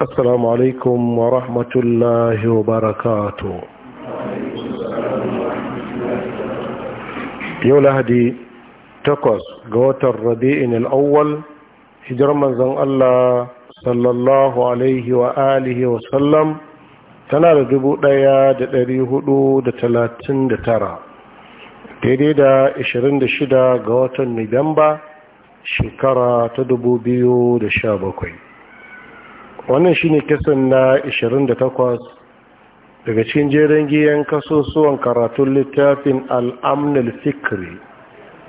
السلام عليكم wa الله وبركاته يولا هدي تقص قوات الربيع الأول hijirar manzon Allah sallallahu alaihi wa alihi tana da dubu ɗaya da ɗari hudu da talatin da tara daidai da ashirin da shida ga watan Nuwamba shekara ta dubu biyu da sha bakwai wannan shi ne kisan na 28 daga cikin jerin giyan kasusuwan karatun littafin al'amnul fikri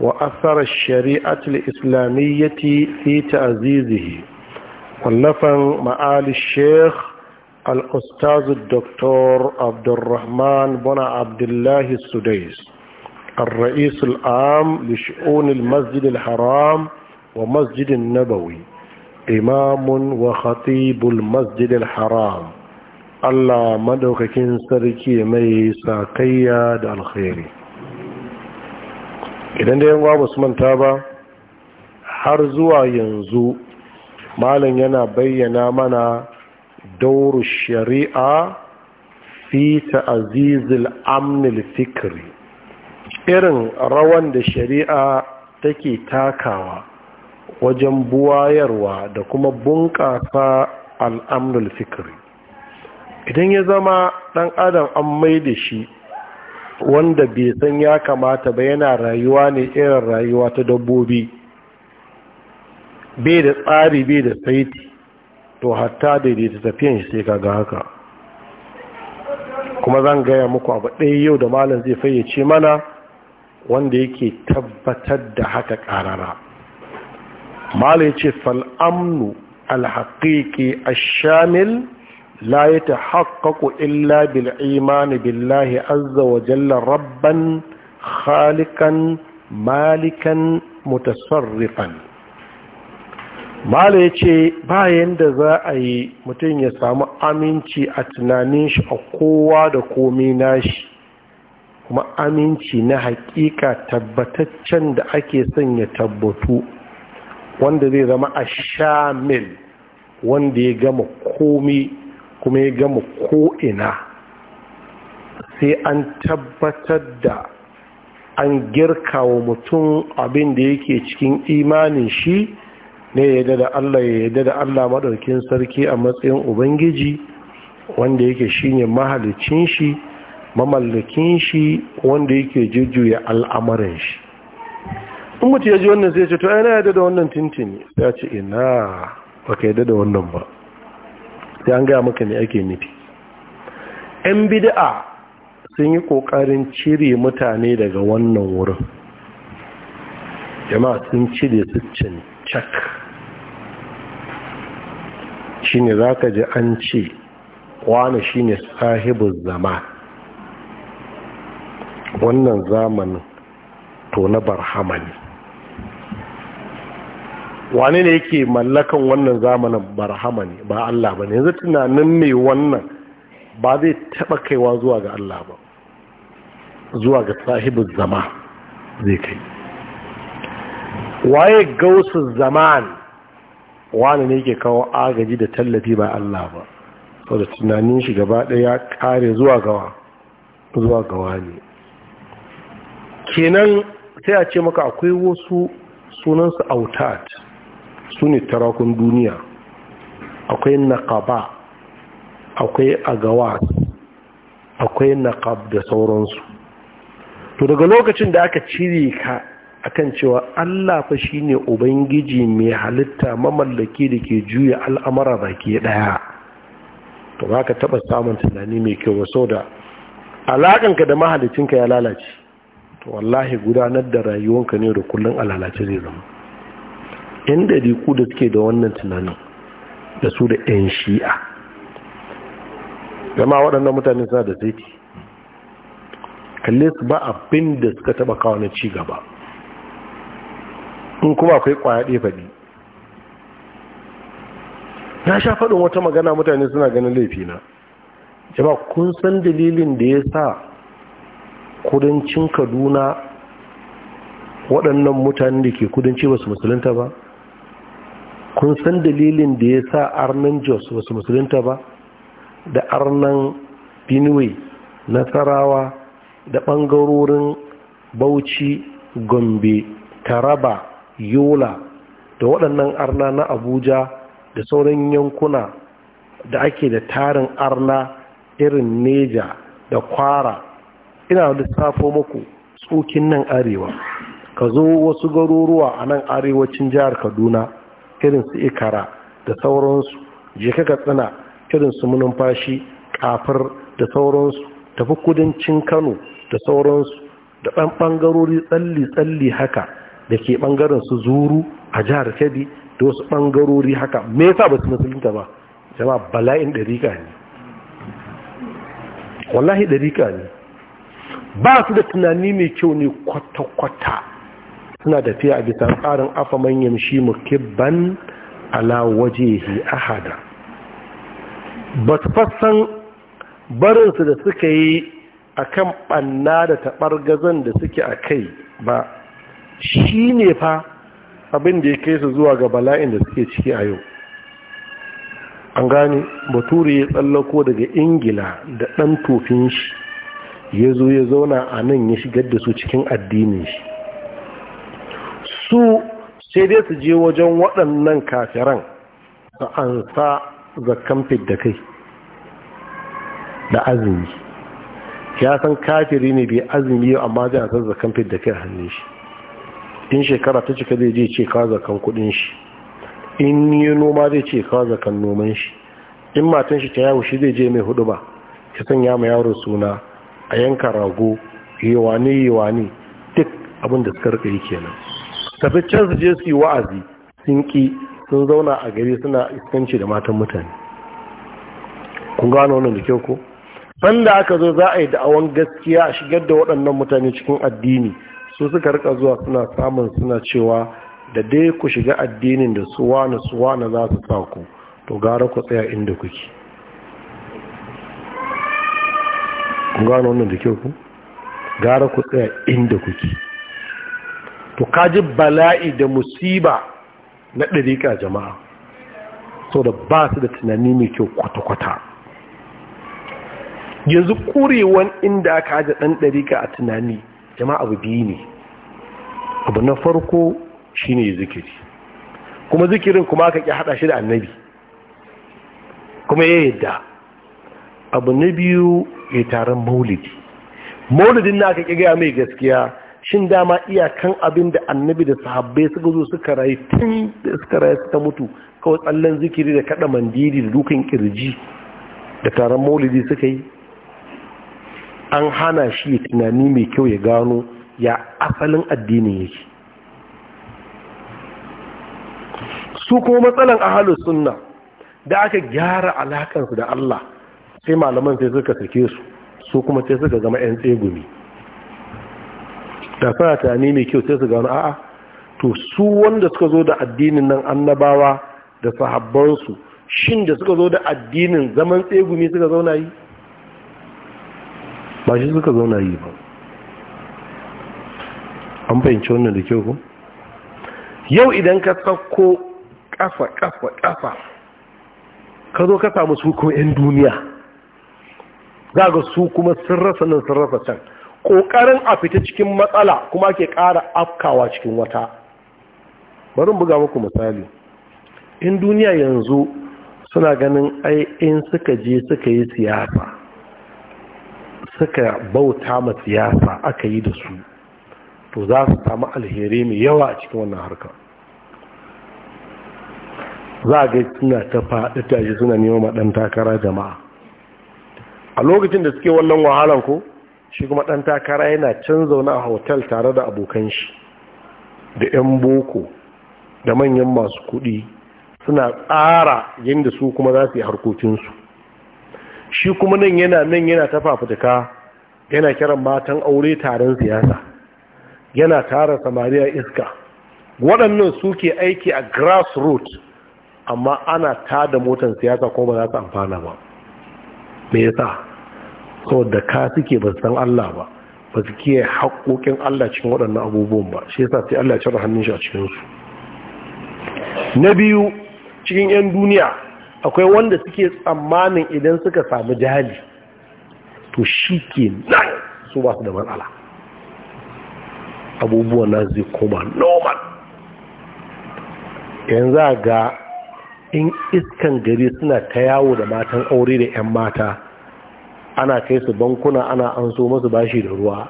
wa asarar shari'atul islamiyyati fi azizihi wallafan ma'ali sheikh الأستاذ dr abdurrahman الرحمن abdullahi sudais الرئيس العام لشؤون المسجد الحرام ومسجد النبوي imamun wa khatibul masjidil haram Allah madaukakin sarki mai sakayya da alkhairi idan da yanwa ba su manta ba har zuwa yanzu malam yana bayyana mana dauru shari'a fi ta'azizil amnil fikiri, irin rawan da shari'a take takawa wajen buwayarwa da kuma bunƙasa al'amnul fikiri idan ya zama ɗan adam an mai da shi wanda bai san ya kamata ba yana rayuwa ne irin rayuwa ta dabbobi bai da tsari bai da saiti to hatta daidaita tafiyan shi sai kaga haka kuma zan gaya muku abu ɗaya yau da malam zai fayyace mana wanda yake tabbatar da haka ƙarara mala ya ce fal'amnu alhaƙiƙi ashamil la ya ta haƙaƙo illa bil'imani billahi azza wa jalla rabban khalikan malikan mutasarrifan mala ya ce bayan da za a yi mutum ya samu aminci a tunanin shi a kowa da komi nashi kuma aminci na haƙiƙa tabbataccen da ake son ya tabbatu wanda zai zama a ashamil wanda ya gama komi kuma ya gama ko'ina sai an tabbatar da an girka wa mutum abin da yake cikin imanin shi ne yadda da Allah ya yadda da Allah maɗaukin sarki a matsayin Ubangiji wanda yake shine mahalicin shi mamallakin shi wanda yake jujjuya al'amarin shi in mutu ya ji wannan zai ce to ai na dada wannan tintini ya ce ina baka ka yadda wannan ba sai an gaya maka ne ake nufi yan bida'a sun yi ƙoƙarin cire mutane daga wannan wurin jama'a sun cire su cancak shi ne za ka ji an ce wane shi ne sahibin zama wannan zamanin to na barhama ne wane ne yake mallakan wannan zamanin barhama ne ba Allah ba ne yanzu tunanin mai wannan ba zai taɓa kaiwa zuwa ga Allah ba zuwa ga sahibin zama zai kai waye gausu zaman wane ne yake kawo agaji da tallafi ba Allah ba sau da tunanin shi gaba ɗaya kare zuwa gawa zuwa gawa ne kenan sai a ce maka akwai wasu sunansu autat su ne tarakun duniya akwai naƙaba akwai agawa akwai naƙab da sauransu to daga lokacin da aka cire ka akan cewa Allah fa shine ubangiji mai halitta mamallaki da ke juya al'amara baki daya to baka taba samun tunani mai kyau ba saboda alakanka da ka ya lalace to wallahi gudanar da rayuwanka ne da kullun alalace zai zama yan ɗariku da suke da wannan tunanin da su da yan shi'a gama waɗannan mutane suna da zai kalle su ba abin da suka taba kawo na ci gaba in kuma akwai kwaya ɗaya faɗi na sha faɗin wata magana mutane suna ganin laifina jama kun san dalilin da ya sa kudancin kaduna waɗannan mutane da ke kudanci ba su musulunta ba kun san dalilin da ya sa arnan jos wasu musulunta ba da arnan benue nasarawa da ɓangarorin bauchi gombe taraba yola da waɗannan arna na abuja da sauran yankuna da ake da tarin arna irin neja da kwara ina da safo muku tsokin nan arewa ka zo wasu garuruwa a nan arewacin jihar kaduna irin su ikara da sauransu je katsina irin su munumfashi kafir da sauransu tafi kudancin kano da sauransu da ɗan ɓangarori tsalli-tsalli haka da ke ɓangaren su zuru a jihar kebbi da wasu ɓangarori haka me yasa ba su musulunta ba jama bala'in ɗarika ne wallahi ɗarika ne ba su da tunani mai kyau ne kwata-kwata suna tafiya a bisan tsarin afaman yamshi kibban ala wajehi ahada ba su fassan barinsu da suka yi a kan ɓanna da gazon da suke a kai ba shi ne fa abin da ya kai su zuwa ga bala'in da suke ciki a yau an gane bature ya tsallako daga ingila da ɗan tofin shi ya zo ya zauna a nan ya shigar da su cikin addinin shi su sai dai su je wajen waɗannan kafiran su an sa zakan da kai da azumi ya san kafiri ne bai azumi yau, amma zai san zakan da kai a hannun shi in shekara ta cika zai je ce ka zakan kudin shi in yi noma zai ce ka zakan noman shi in matan shi ta yawo shi zai je mai hudu ba ya sanya ma yaro suna a yanka rago yi ne? yi ne? duk abin da suka rika yi kenan tafi can su je su yi wa'azi sun ki sun zauna a gari suna iskanci da matan mutane kun gano wannan da kyau ko sanda aka zo za a yi da'awan gaskiya a shigar da waɗannan mutane cikin addini su suka rika zuwa suna samun suna cewa da dai ku shiga addinin da su wani su wani za su sa ku to gara ku tsaya inda kuke kun gano wannan da kyau ku gara ku tsaya inda kuke to kaji bala'i da musiba na ɗariƙa jama'a sau da ba su da tunani mai kyau kwata-kwata yanzu ƙurewan inda aka haji ɗan ɗariƙa a tunani jama'a abu biyu ne abu na farko shine zikiri kuma zikirin kuma aka ƙi haɗa shi da annabi kuma ya yadda abu na biyu ya taron maulidi maulidin na aka ƙi gaya mai gaskiya shin dama iyakan abin da annabi da sahabbai suka zo suka rayu tun da suka rayu suka mutu kawai tsallen zikiri da kada mandiri da dukan kirji da taron maulidi suka yi an hana shi tunani mai kyau ya gano ya asalin addinin yake su kuma matsalan ahalus sunna da aka gyara alakansu da Allah sai malaman sai suka sake su su kuma sai suka zama 'yan tsegumi da ta tunani mai kyau sai su gano a'a to su wanda suka zo da addinin nan annabawa da sahabbansu shin da suka zo da addinin zaman tsegumi suka zauna yi ba shi suka zauna yi ba an fahimci wannan da kyau ku yau idan ka sako kafa kafa kafa ka zo ka samu su kuma 'yan duniya za ga su kuma sun rasa nan sun rasa can ƙoƙarin a fita cikin matsala kuma ke ƙara afkawa cikin wata bari buga muku misali in duniya yanzu suna ganin ai in suka je suka yi siyasa suka bauta ma siyasa aka yi da su to za su samu alheri mai yawa a cikin wannan harka za a gai suna ta faɗi tashi suna neman maɗan takara jama'a a lokacin da suke wannan wahalan ko shi kuma ɗan takara yana can zaune a hotel tare da abokan shi da 'yan boko da manyan masu kuɗi suna tsara yadda su kuma za su yi harkokinsu shi kuma nan yana nan yana ta fafutuka yana kiran matan aure taron siyasa yana tara samariya iska waɗannan suke aiki a grassroots amma ana tada motar siyasa kuma ba za su amfana ba me yasa saboda ka suke ba san Allah ba ba su kiyaye haƙoƙin Allah cikin waɗannan abubuwan ba shi yasa sai Allah ya cire hannun shi a cikin su na biyu cikin 'yan duniya akwai wanda suke tsammanin idan suka samu jali to shi ke nan su ba su da matsala abubuwan na zai koma normal yanzu ga in iskan gari suna ta yawo da matan aure da 'yan mata ana kai su bankuna ana an so masu bashi da ruwa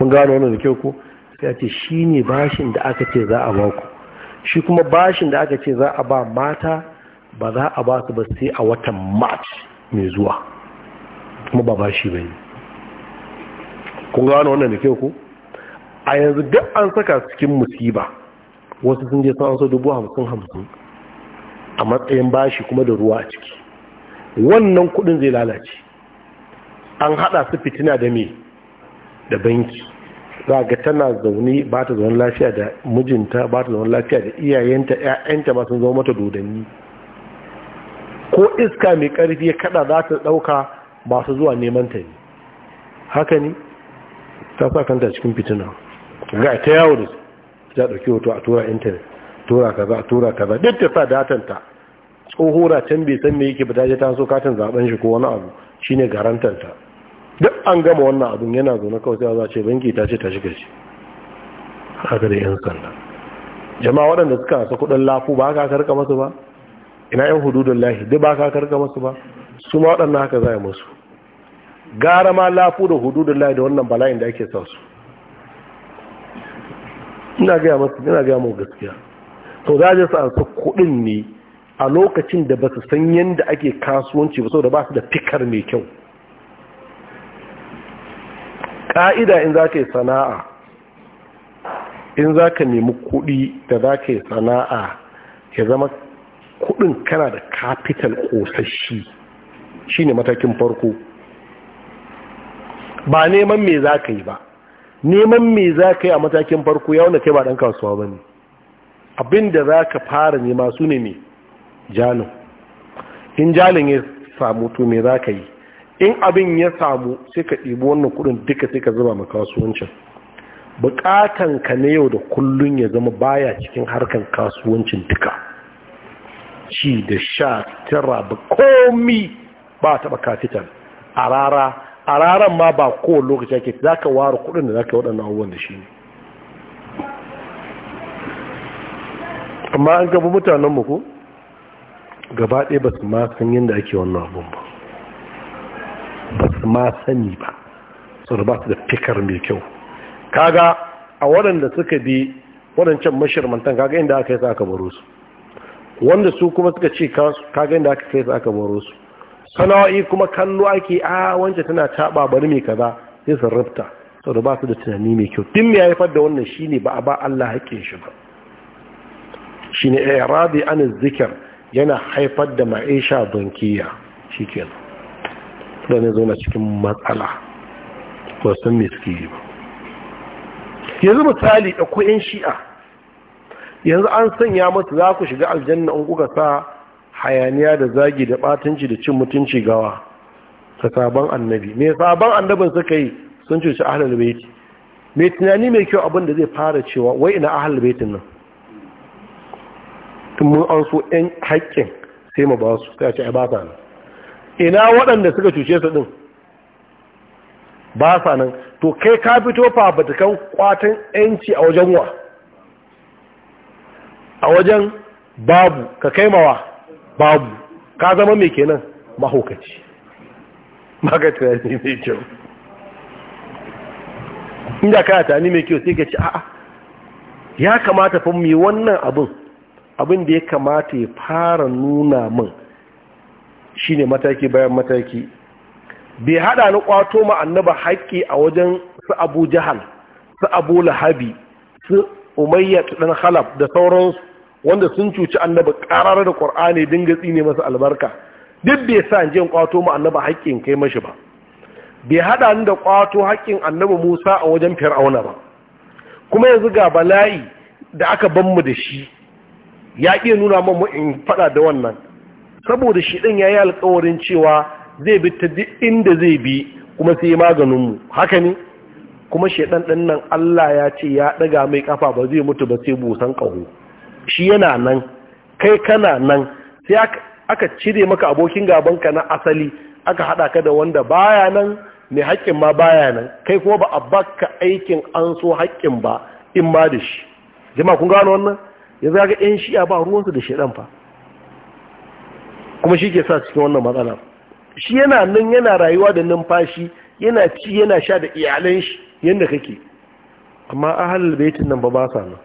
mun gano wannan da kyau ko sai ce shi ne bashin da aka ce za a ba ku shi kuma bashin da aka ce za a ba mata ba za a ba su ba sai a watan march mai zuwa kuma ba bashi ba ne kun gano wannan da kyau ko a yanzu duk an saka cikin musiba wasu sun je sun so dubu hamsin hamsin a matsayin bashi kuma da ruwa a ciki wannan kudin zai lalace an hada su fitina da me da banki za ga tana zaune ba ta zaune lafiya da mijinta ba ta zaune lafiya da iyayenta ƴaƴanta ba sun zama mata dodanni ko iska mai ƙarfi ya kada za ta ɗauka su zuwa neman ta ne haka ne ta sa kanta cikin fitina ga ta yawo da su ta ɗauki hoto a tura intanet tura kaza a tura kaza duk ta sa datanta tsohora can bai san me yake ba ta je ta so katin zaben shi ko wani abu shine garantanta duk an gama wannan abin yana zaune kawai sai za ce banki ta ce ta shiga shi haka da yan sanda jama'a waɗanda suka rasa kudin lafu ba ka karka masu ba ina yin hududun lahi duk ba ka karka masu ba su ma waɗannan haka za a yi masu, gara ma lafu da hududun lahi da wannan bala'in da ake sa su ina gaya masu ina gaya mu gaskiya to za a je su ansa kuɗin ne a lokacin da ba su san yadda ake kasuwanci ba saboda ba su da fikar mai kyau ƙa'ida in za ka yi sana'a in za ka nemi kuɗi da za ka yi sana'a ya zama kuɗin kana da kafital ƙosashi shi ne matakin farko ba neman me za ka yi ba neman me za ka yi a matakin farko ya wanda kai ba ɗan kasuwa ba ne abin da za ka fara nema su ne mai jalin in jalin ya samu to me za ka yi in abin ya samu sai ka ɗebi wannan kudin duka sai ka zuba ma kasuwancin bukatan ka na yau da kullun ya zama baya cikin harkar kasuwancin duka ci da sha tara ba komi ba taba kafitan a rara a raran ma ba ko lokaci ake za ka ware kudin da za ka waɗanda abubuwan da shi ne amma an gaba mutanenmu ko gaba ɗaya ba su ma san yadda ake wannan abun ba ma sani ba da ba su da fikar mai kyau kaga a waɗanda suka bi waɗancan mashirmantan kaga inda aka yi aka baro su wanda su kuma suka ce kaga inda aka kai aka baro su sana'o'i kuma kallo ake a wancan tana taɓa bari mai kaza sai sun rubta da ba su da tunani mai kyau tun mai haifar da wannan shine ba a ba Allah haƙƙin shi ba shine irabi an zikir yana haifar da ma'isha bankiya shikenan ya zauna cikin matsala ba san me suke yi ba yanzu misali ɗauko 'yan shi'a yanzu an sanya masu za ku shiga aljanna in kuka sa hayaniya da zagi da batunci da cin mutunci gawa ta sabon annabi mai sabon annabin suka yi sun cuci ahalar baiti mai tunani mai kyau abin da zai fara cewa wai ina ahalar baitin nan tun mun an so 'yan haƙƙin sai mu ba su sai a ce ai ba nan ina waɗanda suka cuce su ɗin ba sa nan to kai ka fito kan kwatan yanci a wajen wa a wajen babu ka kaimawa babu ka zama mai kenan mahaukaci tunani mai kyau inda ka yata ne mai kyau sai ka ci a'a ya kamata fa mai wannan abin abin da ya kamata ya fara nuna min shine mataki bayan mataki bai haɗa ni kwato ma annaba haƙƙi a wajen su abu jahal su abu lahabi su umayya dan halab da sauransu wanda sun cuci annaba ƙarar da qur'ani dinga tsine masa albarka duk bai sa jin kwato ma annaba haƙƙin kai mashi ba bai haɗa ni da kwato haƙƙin annaba Musa a wajen Fir'auna ba kuma yanzu ga bala'i da aka ban mu da shi ya iya nuna min mu in faɗa da wannan saboda shi ɗin ya yi alkawarin cewa zai bi ta duk inda zai bi kuma sai maganinmu haka ne kuma shaidan ɗin nan Allah ya ce ya ɗaga mai ƙafa ba zai mutu ba sai busan ƙaho shi yana nan kai kana nan sai aka cire maka abokin gabanka na asali aka haɗa ka da wanda baya nan mai haƙƙin ma baya nan kai kuma ba a baka aikin an so haƙƙin ba in ma da shi jama'a kun gano wannan yanzu ga 'yan shi'a ba ruwansu da shaidan fa kuma shi ke sa cikin wannan matsala shi yana nan yana rayuwa da numfashi yana ci yana sha da iyalan shi yadda kake amma ahalul baitin nan ba ba sa nan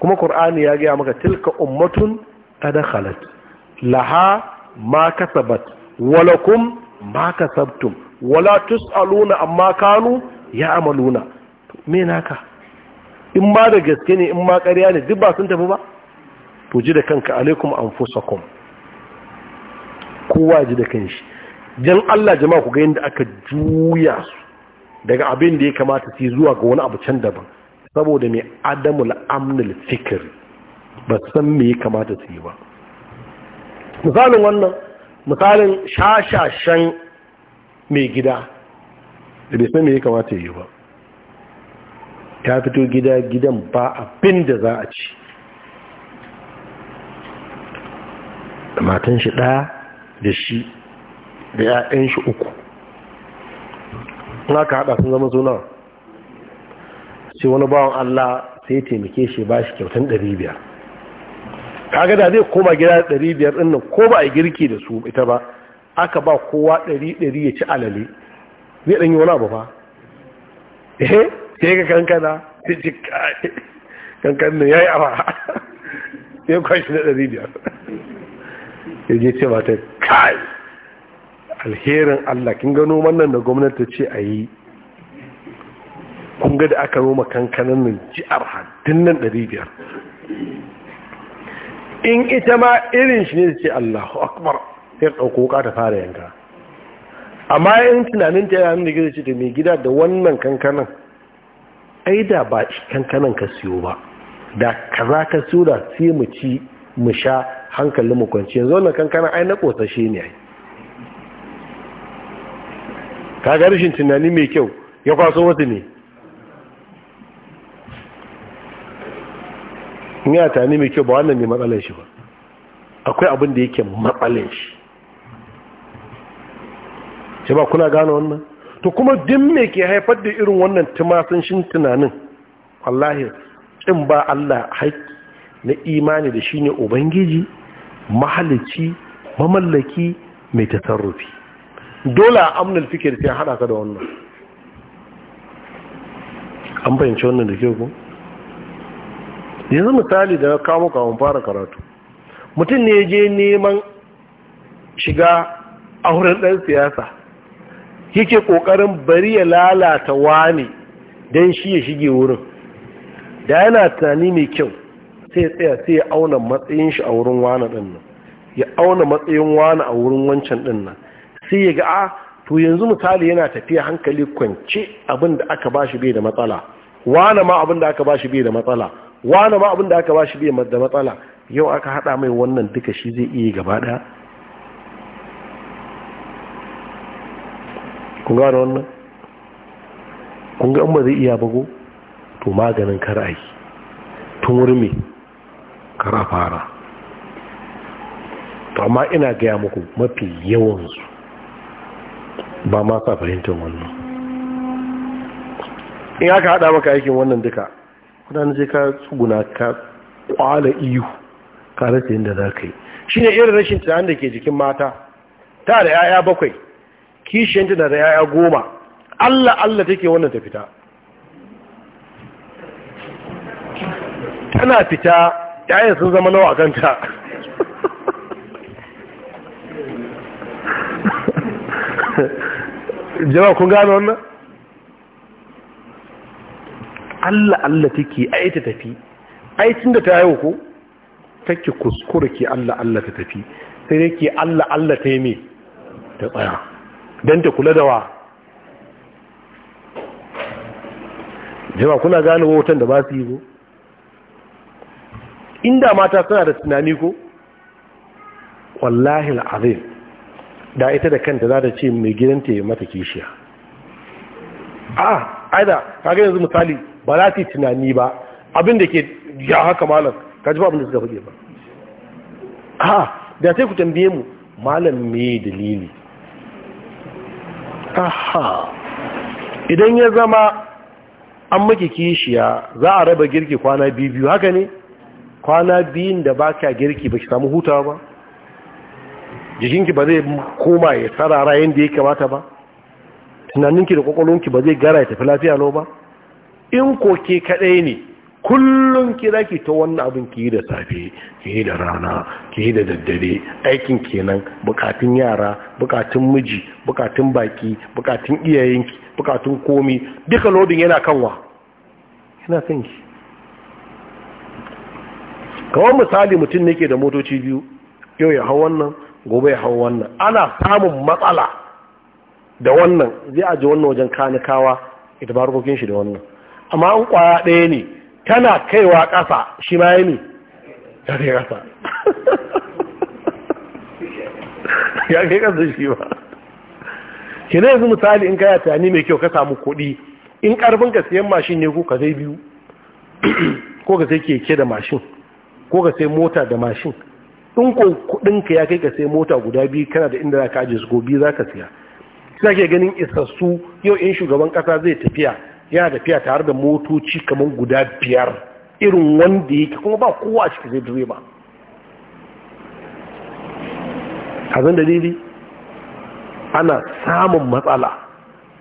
kuma qur'ani ya gaya maka tilka ummatun qad khalat laha ma kasabat walakum ma kasabtum wala tusaluna amma kanu ya'maluna me naka in ba da gaske ne in ma ƙarya ne duk ba sun tafi ba to ji da kanka alaikum anfusakum kowa ji da kanshi jan Allah jama'a ku ga yadda aka juya su daga abin da ya kamata su zuwa ga wani abu can daban saboda mai adamu amnul fikir ba san me ya kamata su yi ba misalin wannan misalin shashashen mai gida da bai san me ya kamata yi ba ta fito gida gidan ba abin da za a ci matan shi ɗaya da shi da 'ya'yan shi uku na ka haɗa sun zama suna sai wani bawan Allah sai taimake shi ba shi kyautan biyar. kaga da zai koma gida biyar ɗin nan ko ba a girki da su ita ba aka ba kowa ɗari-ɗari ya ci alale zai ɗanyi wani abu ba ehe sai ka kankana sai ci kankanin ya yi awa sai kwashi na biyar. ya je ce mata kai alherin Allah kin gano wannan da gwamnati ce a yi kun da aka noma kankanin nan ji'ar haddin nan ɗari in ita ma irin shi ne ce Allahu akbar sai ɗauko ka ta fara yanka amma in tunanin ta yana da gida ce da mai gida da wannan kankanin. aida ba kankanin ka siyo ba da kaza ka siyo sai mu ci mu sha hankalin mu kwanci yanzu wannan kankana ai na kotashe ne ai ga rashin tunani mai kyau ya kwaso wasu ne ni a tunani mai kyau ba wannan ne matsalar shi ba akwai abin da yake matsalar shi shi ba kuna gano wannan to kuma din me ke haifar da irin wannan tumasin shin tunanin wallahi in ba Allah haƙƙi na imani da shine ubangiji mahalici mamallaki mai tasarrufi dole a amnal fikir sai hada ka da wannan an fahimci wannan da ke ku. yanzu misali da na kawo kawon fara karatu mutum ne je neman shiga a wurin ɗan siyasa yake ƙoƙarin bari ya lalata wani don shi ya shige wurin da yana tunani mai kyau sai tsaya sai ya auna matsayin shi a wurin wani din nan ya auna matsayin wani a wurin wancan din nan sai ya ga a to yanzu misali yana tafiya hankali kwance abin da aka shi bai da matsala wani ma abin da aka shi bai da matsala wani ma abin da aka shi bai da matsala yau aka hada mai wannan duka shi zai iya gaba daya kun gane wannan kun ga an ba zai iya bago to maganin kar a yi tun shekara fara to amma ina gaya muku mafi yawansu ba ma sa fahimtar wannan in aka haɗa maka aikin wannan duka wadannan sai ka tsuguna ka kwala iyu ka rasa yadda za ka yi shi ne irin rashin tunanin da ke jikin mata ta da 'ya'ya bakwai kishiyanta na da 'ya'ya goma allah allah take wannan ta fita tana fita yayin sun zama nawa a kanta jama kun gano wannan Allah Allah take ai ta tafi ai tunda ta yau ko take kuskure ke Allah Allah ta tafi sai dai ke Allah Allah ta yi me ta tsaya dan ta kula da wa jama kuna gano wutan da ba su yi ko inda mata suna da tunani ko wallahi al'azim da ita da kanta za ta ce mai gidanta ya mata kishiya a aida kaga yanzu misali ba za su tunani ba abinda ke ya haka malam ka ji ba abinda suka fage ba a da sai ku tambaye mu malam mai dalili aha idan ya zama an maki kishiya za a raba girki kwana bi biyu haka ne kwana biyun da ba ka girki ba ki samu hutawa ba jikinki ba zai koma ya tsarara yadda ya kamata ba tunaninki da kwakwalonki ba zai gara ya tafi lafiya lau ba in koke kadai ne kullum ki ki ta wannan abin ki yi da safe ki yi da rana ki yi da daddare aikin kenan bukatun yara bukatun miji bukatun baki bukatun iyayenki bukatun komi duka lodin yana kanwa yana kanki kawai misali mutum ne ke da motoci biyu yau ya hau wannan gobe ya hau wannan ana samun matsala da wannan zai aji wannan wajen kanikawa ita barkokin shi da wannan amma an kwaya ɗaya ne tana kaiwa ƙasa shi ma ya ne ya kai ƙasa ya kai ƙasa shi yanzu misali in kaya tani mai kyau ka samu kuɗi in ƙarfin ka siyan mashin ne ko ka zai biyu ko ka sai keke da mashin ko ka sai mota da mashin in ko ka ya kai ka sai mota guda biyu kana da inda za ka ajiye su gobe za ka siya sai ke ganin isassu yau in shugaban kasa zai tafiya yana tafiya tare da motoci kamar guda biyar irin wanda yake kuma ba kowa a ciki zai direba hazan dalili ana samun matsala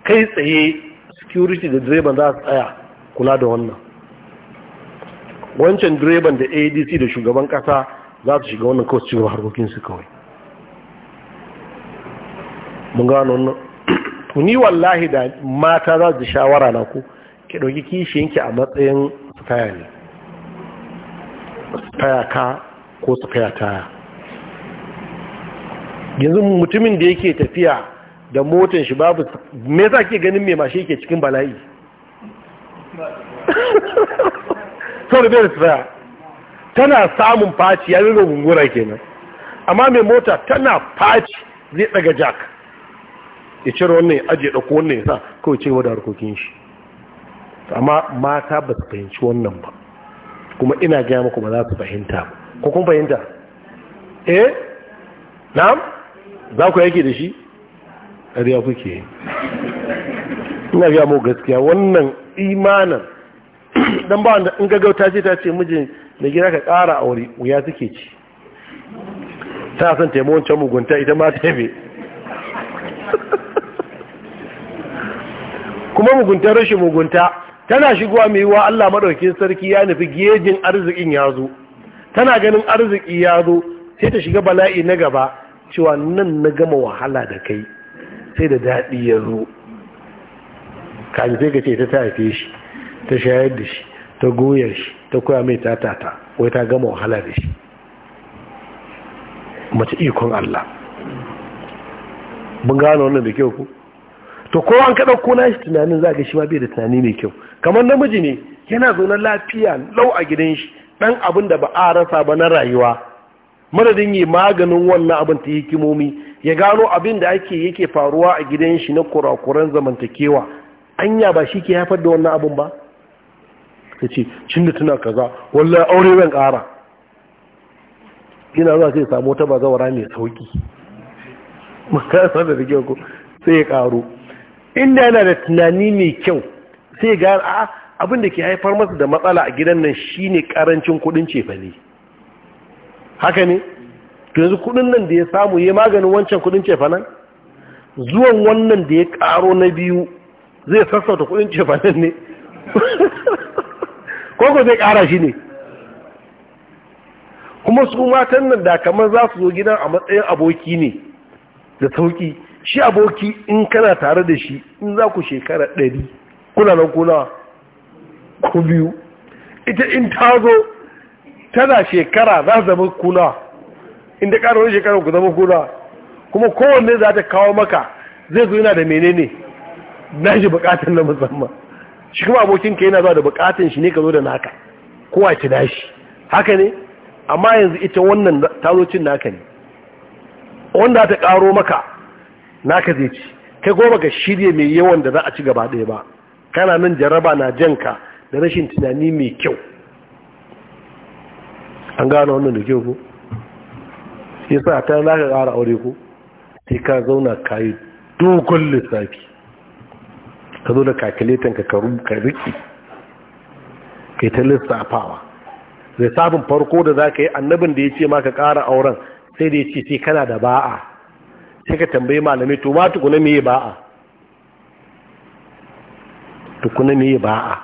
kai tsaye security da direban za su tsaya kula da wannan wancan direban da adc da shugaban kasa za su shiga wannan kawai cigaba harkokinsu kawai mun gano wannan tuni wallahi da mata za su shawara na ku ki ɗauki kishiyanki a matsayin su kaya ne su kaya ka ko su kaya taya yanzu mutumin da yake tafiya da motan shi babu me za ke ganin mai mashi yake cikin bala'i saboda bai da tsaya tana samun faci ya rino gungura kenan amma mai mota tana faci zai daga jack ya cire wannan ya ajiye ɗauko wannan ya sa kawai cewa da harkokin shi amma mata ba su fahimci wannan ba kuma ina gaya muku ba za su fahimta ba, ko kun fahimta eh na'am za ku yake da shi ariya kuke ina gaya muku gaskiya wannan imanin dan ba wanda in gauta ce ta ce mijin da gida ka ƙara aure wuya suke ci ta san taimakon mugunta ita ma taime kuma mugunta rashin mugunta tana shigowa mai yiwuwa Allah madaukin sarki ya nufi gejin arzikin ya zo tana ganin arziki ya zo sai ta shiga bala'i na gaba cewa nan na gama wahala da kai sai da daɗi ya zo kaji sai ka ce ta ta haife shi ta shayar da shi ta goya shi ta koya mai tatata wai ta gama wahala da shi mace ikon Allah mun gano wannan da kyau ku to ko an kaɗa kona shi tunanin za ga shi ma bai da tunani mai kyau kamar namiji ne yana zaune lafiya lau a gidan shi ɗan abin da ba a rasa ba na rayuwa madadin yi maganin wannan abin ta hikimomi ya gano abin da ake yake faruwa a gidan shi na kurakuran zamantakewa anya ba shi ke haifar da wannan abin ba ta ce cin da tuna kaza wallahi aure zan ƙara yana zuwa sai samu wata bazawara mai sauki matasa da da ko sai ya ƙaro inda yana da tunani mai kyau sai ga a abin da ke haifar masa da matsala a gidan nan shine karancin kudin cefane haka ne yanzu kudin nan da ya samu ya maganin wancan kudin cefanen zuwan wannan da ya karo na biyu zai sassauta kudin cefanen ne ko zai kara shi ne kuma su matan nan da kamar za su zo gidan a matsayin aboki ne da sauƙi shi aboki in kana tare da shi in za ku shekara ɗari kuna nan kuna ku biyu ita in ta zo tana shekara za su zama kuna inda ƙara wani shekara ku zama kuna kuma kowanne za ta kawo maka zai zo yana da menene na shi bukatar na musamman shi kuma abokinka yana zuwa da bukatun shi ne ka zo da naka kowa ci nashi haka ne amma yanzu ita wannan talocin naka ne wanda ta karo maka naka zai ci kai goma ga shirye mai yawan da za a ci gaba ɗaya ba kana nan jaraba na jan ka da rashin tunani mai kyau an gano wannan da kyau ko yasa ta za ka ƙara aure ko sai ka zauna ka yi dogon lissafi ka zo da kakiletan ka ka riki kai ta lissafawa sabin farko da za ka yi annabin da ya ce maka ƙara auren sai da ya ce sai kana da ba'a sai ka tambayi malamai to ma tukuna me ba'a tukuna me ba'a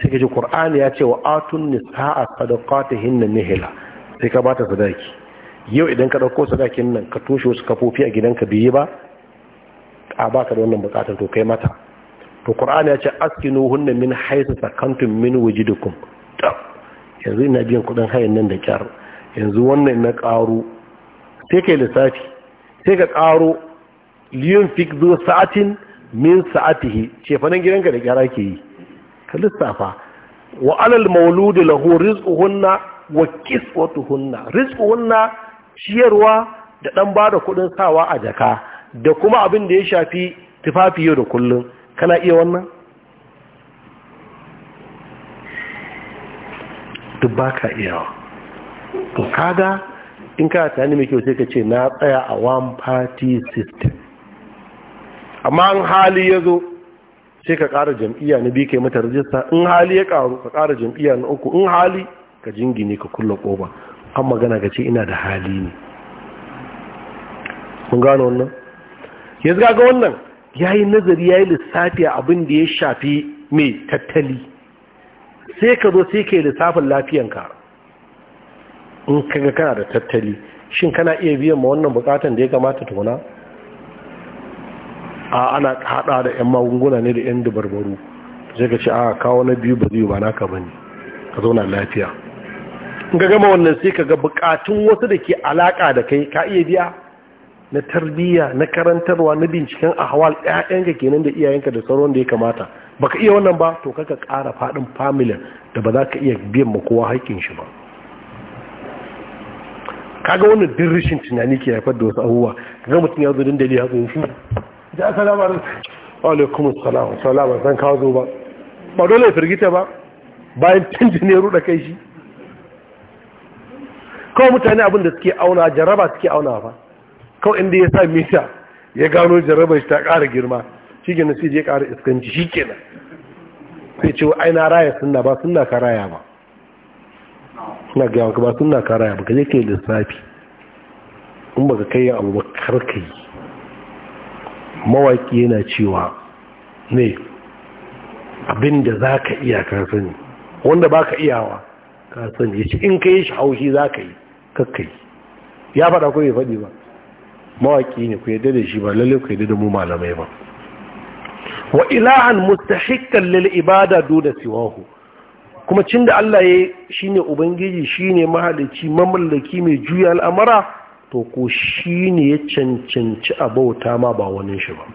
sai ka ji qur'ani ya ce wa atun nisaa hinna nihila sai ka bata sadaki yau idan ka ɗauko sadakin nan ka toshe wasu kafofi a gidanka bai yi ba a baka da wannan bukatar to kai mata to qur'ani ya ce askinu hunna min haythu sakantum min to yanzu ina biyan kudin hayan nan da kyar yanzu wannan na karo sai kai lissafi sai ka karo liyun fik zo sa'atin min sa'atihi ce fa nan gidanka da kyara ke yi ka lissafa wa alal mauludi lahu rizquhunna wa kiswatuhunna rizquhunna ciyarwa da dan bada kudin sawa a jaka da kuma abin da ya shafi tufafi yau da kullum kana iya wannan duk ba iyawa to kaga in ka tani mai kyau sai ka ce na tsaya a one party system amma an hali ya zo sai ka ƙara jam'iyya na biyu ka mata rajista in hali ya ƙaru ka ƙara jam'iyya na uku in hali ka jingine ka kulla koba an magana ka ce ina da hali ne mun gano wannan yanzu ga wannan ya yi nazari ya yi lissafi abin da ya shafi mai tattali sai ka zo sai ka yi lissafin lafiyanka in kaga kana da tattali shin kana iya biyan ma wannan bukatan da ya kamata tona a ana hada da yan magunguna ne da yan dabarbaru sai ka ce a kawo na biyu ba zai ba naka bane ka zauna lafiya in ka gama wannan sai ka ga bukatun wasu da ke alaka da kai ka iya biya na tarbiyya na karantarwa na binciken ahwal ƴaƴanka kenan da iyayenka da sauran da ya kamata baka iya wannan ba to kaka ƙara faɗin famila da ba za ka iya biyan ma kowa haƙƙin shi ba kaga wannan dirishin tunani ke haifar da wasu abubuwa ga mutum ya zo din dalili ya zo shi da aka labarin alaikum salam salam san ka zo ba ba dole firgita ba bayan canji ne ruɗa kai shi kawai mutane abin da suke auna jaraba suke auna ba kawai inda ya sa Misa ya gano jarabar shi ta ƙara girma shi ke nasi je ƙara iskanci shi ke nan sai ce ai na raya suna ba suna ka raya ba suna gaya ka ba suna ka raya ba ka je ka yi lissafi in ba ka kai abubakar ba ka yi mawaƙi yana cewa ne abin da za ka iya ka sani wanda ba ka iyawa ka sani ya ce in ka yi shi haushi za ka yi ka yi ya faɗa ko ya faɗi ba Mawaƙi ne ku yadda da shi ba lalle ku yadda da mu malamai ba wa ilahan mustahiqqan lil ibada duna siwahu kuma cin da Allah ya ne ubangiji shi ne mahalici mamallaki mai juya al'amara to ko ne ya cancanci a bauta ma ba wani shi ba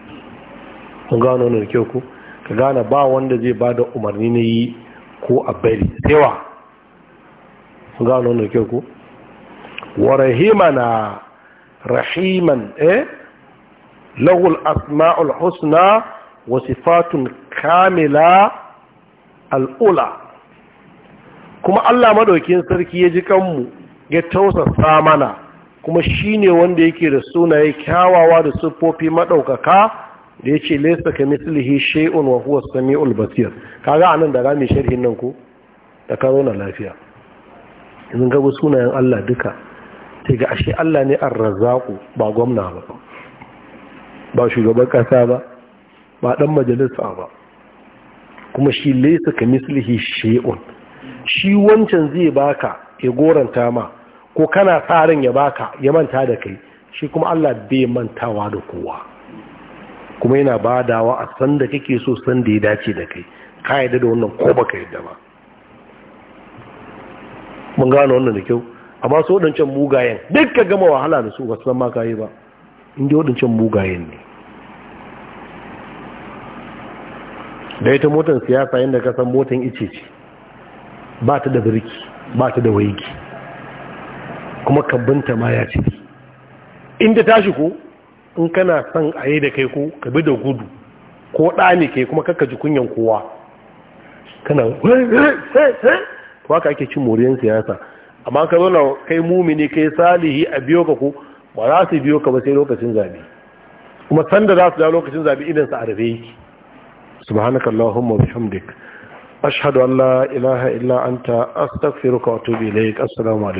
kun gano ne kyau ku ka gane ba wanda zai ba da umarni na yi ko a bari yawa kun gano ne kyau ku wa rahimana rahiman eh lahul asma'ul husna wa sifatun kamila al'ula kuma Allah madaukin sarki ya ji kanmu ya tausasa mana kuma ne wanda yake da sunaye kyawawa da siffofi maɗaukaka da yace laysa kamithlihi shay'un wa huwa as-sami'ul basir kaga anan da rami sharhin nan ko da ka zo na lafiya in ga sunayen Allah duka sai ga ashe Allah ne arrazaku ba gwamna ba ba shugaban kasa ba ba dan majalisa ba kuma shi laysa kamislihi shay'un shi wancan zai baka ya goranta ma ko kana tsarin ya baka ya manta da kai shi kuma Allah bai mantawa da kowa kuma yana badawa a san da kake so san da ya dace da kai ka yadda da wannan ko baka yadda ba mun gano wannan da kyau ba su waɗancan mugayen duk ka gama wahala da su ba ma kayi ba inda waɗancan mugayen ne da ita motar siyasa yadda ka san motar ice ce ba ta da birki ba ta da waigi kuma kabbinta ma ya ciki inda tashi ko in kana son a yi da kai ko ka bi da gudu ko ɗani kai kuma kakka ji kunyan kowa kana to haka ake cin moriyar siyasa amma ka zauna kai mumini kai salihi a biyo ka ku ba za su biyo ka ba sai lokacin zabe kuma sanda za su da lokacin zabe idan su arabe yake subhanakallahumma bihamdik ashhadu an la ilaha illa anta astaghfiruka wa atubu ilaik assalamu